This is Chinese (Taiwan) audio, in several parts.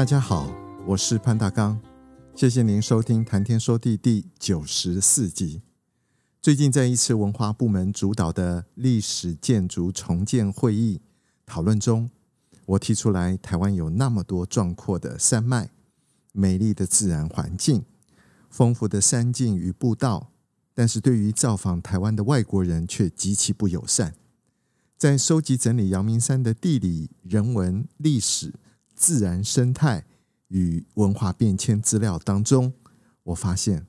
大家好，我是潘大剛，謝謝您收聽《談天說地》第九十四集。最近在一次文化部門主導的歷史建築重建會議討論中，我提出來，台灣有那麼多壯闊的山脈、美麗的自然環境、豐富的山徑與步道，但是對於造訪台灣的外國人卻極其不友善。在收集整理陽明山的地理、人文、歷史，自然生態與文化變遷資料當中，我發現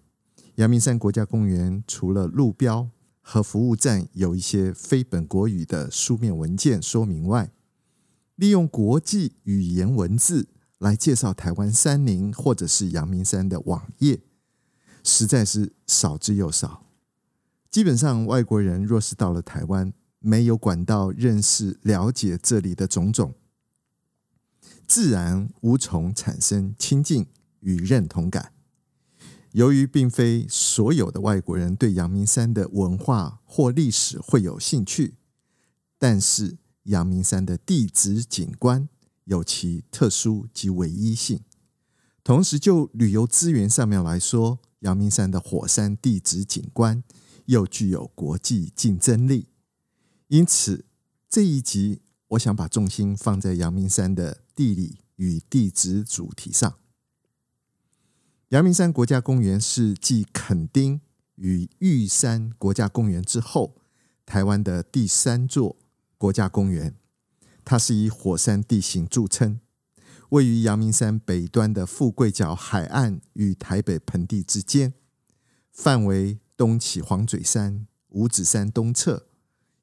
陽明山國家公園除了路標和服務站有一些非本國語的書面文件說明外，利用國際語言文字來介紹台灣山林或者是陽明山的網頁，實在是少之又少。基本上，外國人若是到了台灣，沒有管道認識了解這裡的種種。自然無從產生親近與認同感。由於並非所有的外國人對陽明山的文化或歷史會有興趣，但是陽明山的地質景觀有其特殊及唯一性。同時，就旅遊資源上面來說，陽明山的火山地質景觀又具有國際競爭力。因此，這一集，我想把重心放在陽明山的地理與地質主題上。陽明山國家公園是繼墾丁與玉山國家公園之後，台灣的第三座國家公園。它是以火山地形著稱，位於陽明山北端的富貴角海岸與台北盆地之間，範圍東起磺嘴山、五指山東側，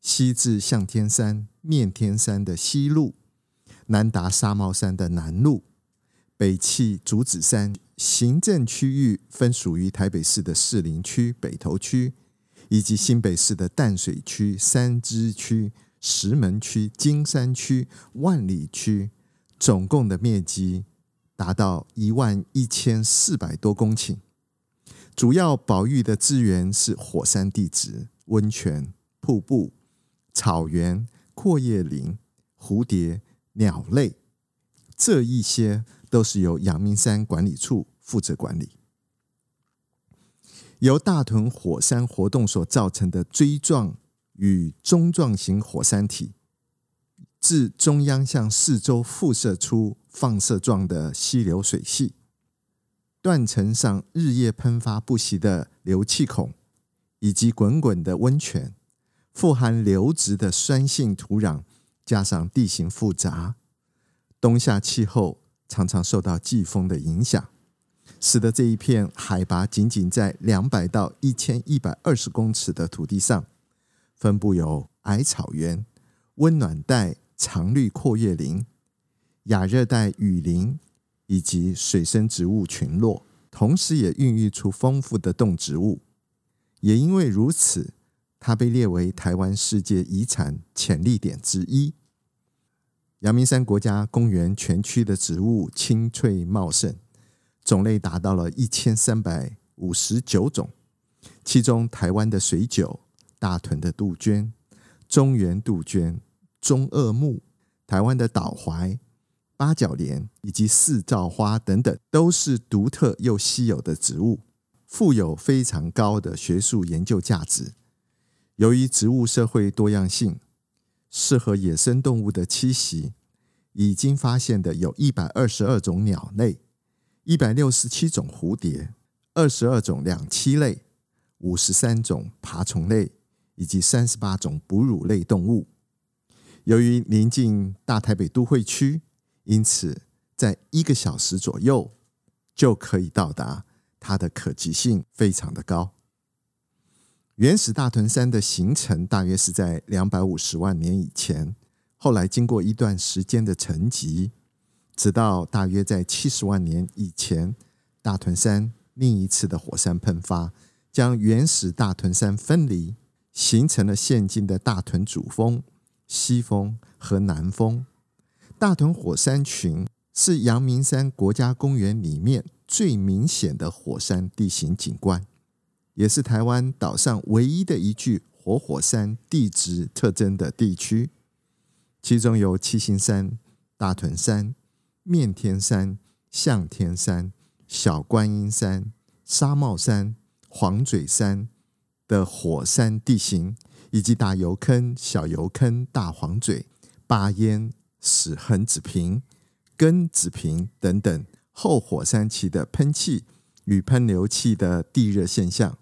西至向天山。面天山的西麓，南達紗帽山的南麓，北起竹子山。行政區域分屬於台北市的士林區、北投區，以及新北市的淡水區、三芝區、石門區、金山區、萬里區。總共的面積達到一萬一千四百多公頃。主要保育的資源是火山地質、溫泉、瀑布、草原。闊葉林、蝴蝶、鳥類，這一些都是由陽明山管理處負責管理。由大屯火山活動所造成的錐狀與鐘狀型火山體，自中央向四周輻射出放射狀的溪流水系，斷層上日夜噴發不息的硫氣孔，以及滾滾的溫泉。富含硫質的酸性土壤，加上地形複雜，冬夏氣候常常受到季風的影響，使得這一片海拔僅僅在兩百到一千一百二十公尺的土地上，分布有矮草原、溫暖帶常綠闊葉林、亞熱帶雨林以及水生植物群落，同時也孕育出豐富的動植物。也因為如此。它被列為台灣世界遺產潛力點之一。陽明山國家公園全區的植物青翠茂盛，種類達到了一千三百五十九種。其中，台灣的水韭、大屯的杜鵑、中原杜鵑、中萼木、台灣的島槐、八角蓮以及四照花等等，都是獨特又稀有的植物，富有非常高的學術研究價值。由於植物社會多樣性，適合野生動物的棲息，已經發現的有一百二十二種鳥類、一百六十七種蝴蝶、二十二種兩棲類、五十三種爬蟲類以及三十八種哺乳類動物。由於臨近大台北都會區，因此在一個小時左右就可以到達，它的可及性非常的高。原始大屯山的形成大約是在兩百五十萬年以前，後來經過一段時間的沉寂，直到大約在七十萬年以前，大屯山另一次的火山噴發，將原始大屯山分離，形成了現今的大屯主峰、西峰和南峰。大屯火山群是陽明山國家公園裡面最明顯的火山地形景觀。也是台灣島上唯一的一具活火，火山地質特徵的地區，其中有七星山、大屯山、面天山、向天山、小觀音山、紗帽山、黃嘴山的火山地形，以及大油坑、小油坑、大黃嘴、八煙、屎痕子坪、根子坪等等後火山期的噴氣與噴硫氣的地熱現象。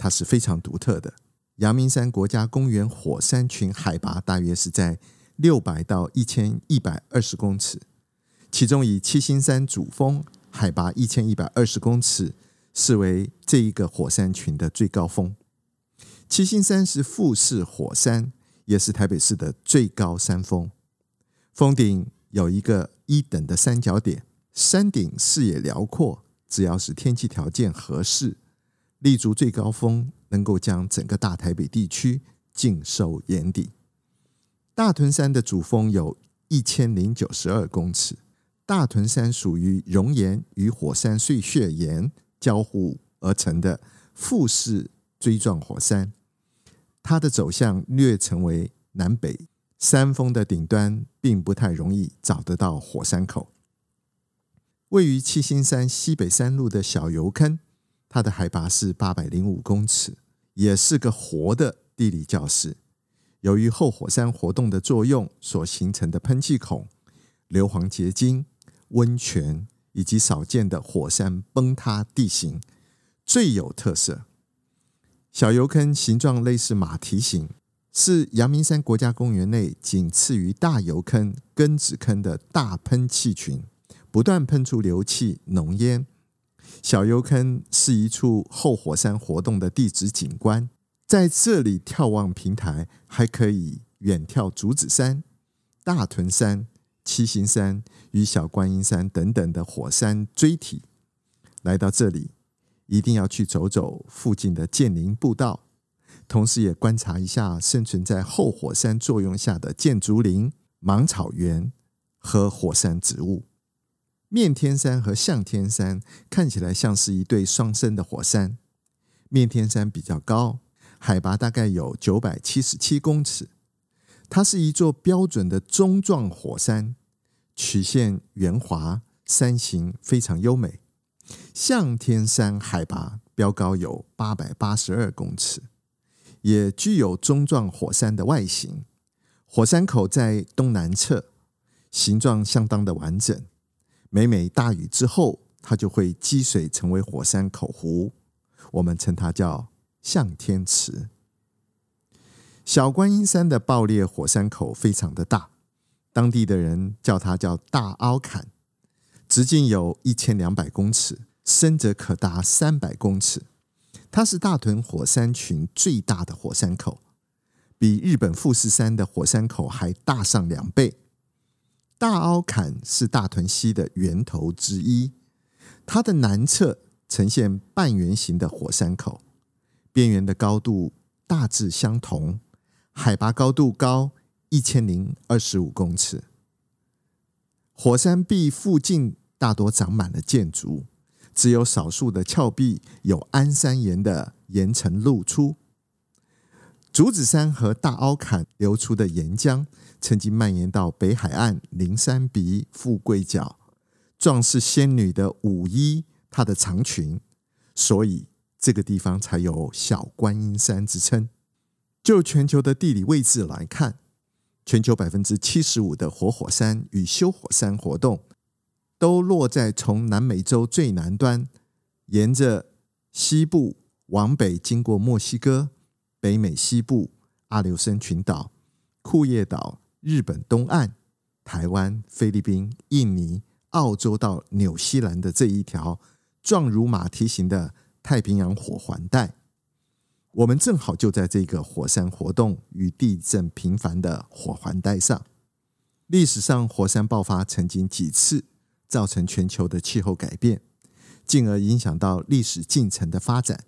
它是非常獨特的。陽明山國家公園火山群海拔大約是在六百到一千一百二十公尺，其中以七星山主峰海拔一千一百二十公尺視為這一個火山群的最高峰。七星山是富士火山，也是台北市的最高山峰。峰頂有一個一等的三角點，山頂視野遼闊，只要是天氣條件合適。立足最高峰，能夠將整個大台北地區盡收眼底。大屯山的主峰有一千零九十二公尺。大屯山屬於熔岩與火山碎屑岩交互而成的複式錐狀火山，它的走向略成為南北。山峰的頂端並不太容易找得到火山口。位於七星山西北山麓的小油坑。它的海拔是八百零五公尺，也是個活的地理教室。由於後火山活動的作用所形成的噴氣孔、硫磺結晶、溫泉以及少見的火山崩塌地形最有特色。小油坑形狀類似馬蹄形，是陽明山國家公園內僅次於大油坑、根子坑的大噴氣群，不斷噴出硫氣濃煙。小油坑是一處後火山活動的地質景觀，在這裡眺望平台，還可以遠眺竹子山、大屯山、七星山與小觀音山等等的火山錐體。來到這裡，一定要去走走附近的箭竹林步道，同時也觀察一下生存在後火山作用下的箭竹林、芒草原和火山植物。面天山和向天山看起來像是一對雙生的火山。面天山比較高，海拔大概有九百七十七公尺，它是一座標準的錐狀火山，曲線圓滑，山形非常優美。向天山海拔標高有八百八十二公尺，也具有錐狀火山的外形，火山口在東南側，形狀相當的完整。每每大雨之後，它就會積水成為火山口湖，我們稱它叫向天池。小觀音山的爆裂火山口非常的大，當地的人叫它叫大凹崁，直徑有一千兩百公尺，深則可達三百公尺。它是大屯火山群最大的火山口，比日本富士山的火山口還大上兩倍。大凹崁是大屯溪的源頭之一，它的南側呈現半圓形的火山口，邊緣的高度大致相同，海拔高度高一千零二十五公尺。火山壁附近大多長滿了箭竹，只有少數的峭壁有安山岩的岩層露出。竹子山和大凹崁流出的岩漿，曾經蔓延到北海岸、麟山鼻、富貴角，壯士仙女的舞衣，她的長裙，所以這個地方才有小觀音山之稱。就全球的地理位置來看，全球百分之七十五的活火，火山與休火山活動，都落在從南美洲最南端，沿着西部往北，經過墨西哥、北美西部、阿留申群島、庫頁島。日本東岸、台灣、菲律賓、印尼、澳洲到紐西蘭的這一條狀如馬蹄形的太平洋火環帶，我們正好就在這個火山活動與地震頻繁的火環帶上。歷史上，火山爆發曾經幾次造成全球的氣候改變，進而影響到歷史進程的發展。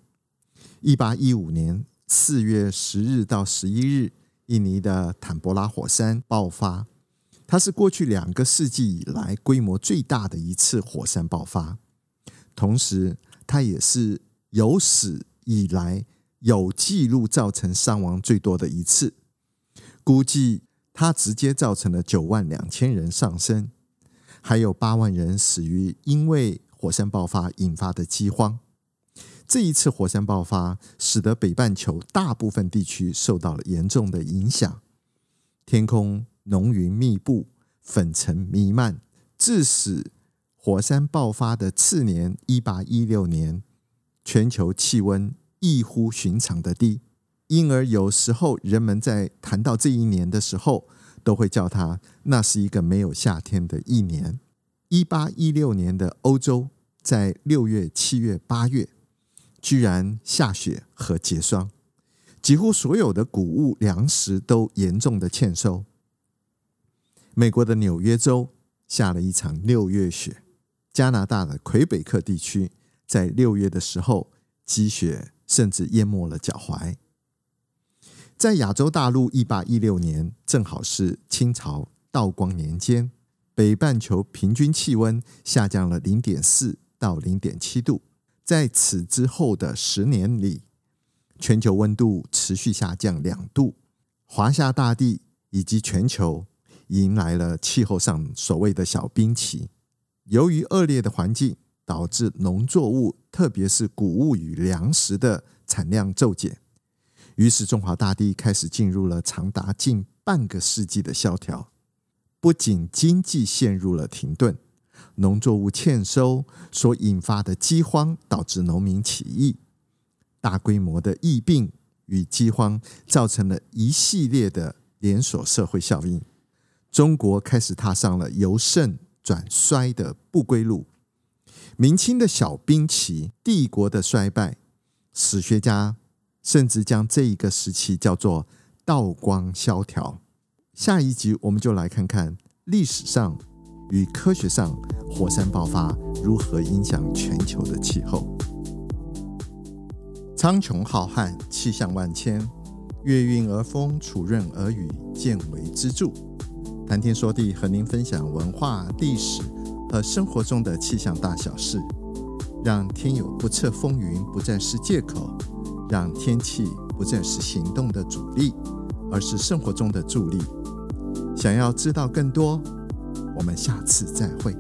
一八一五年四月十日到十一日。印尼的坦博拉火山爆發，它是過去兩個世紀以來規模最大的一次火山爆發，同時它也是有史以來有記錄造成傷亡最多的一次。估計它直接造成了九萬兩千人喪生，還有八萬人死於因為火山爆發引發的饑荒。這一次火山爆發使得北半球大部分地區受到了嚴重的影響，天空濃雲密布，粉塵彌漫，致使火山爆發的次年一八一六年，全球氣溫異乎尋常的低，因而有時候人們在談到這一年的時候，都會叫它那是一個沒有夏天的一年。一八一六年的歐洲在六月、七月、八月，居然下雪和結霜，幾乎所有的谷物糧食都嚴重的欠收。美國的紐約州下了一場六月雪，加拿大的魁北克地區在六月的時候積雪甚至淹沒了腳踝。在亞洲大陸，一八一六年正好是清朝道光年間，北半球平均氣溫下降了零點四到零點七度。在此之後的十年裡，全球溫度持續下降兩度，華夏大地以及全球迎來了氣候上所謂的小冰期。由於惡劣的環境，導致農作物，特別是穀物與糧食的產量驟減，於是中華大地開始進入了長達近半個世紀的蕭條，不僅經濟陷入了停頓。農作物欠收所引發的饑荒，導致農民起義；大規模的疫病與饑荒，造成了一系列的連鎖社會效應。中國開始踏上了由盛轉衰的不歸路。明清的小冰期帝國的衰敗，史學家甚至將這一個時期叫做“道光蕭條”。下一集我們就來看看歷史上。與科學上火山爆發如何影響全球的氣候？蒼穹浩瀚，氣象萬千，月暈而風，礎潤而雨，見微知著。談天說地，和您分享文化、歷史和生活中的氣象大小事，讓天有不測風雲，不再是借口，讓天氣不再是行動的阻力，而是生活中的助力。想要知道更多？我們下次再會。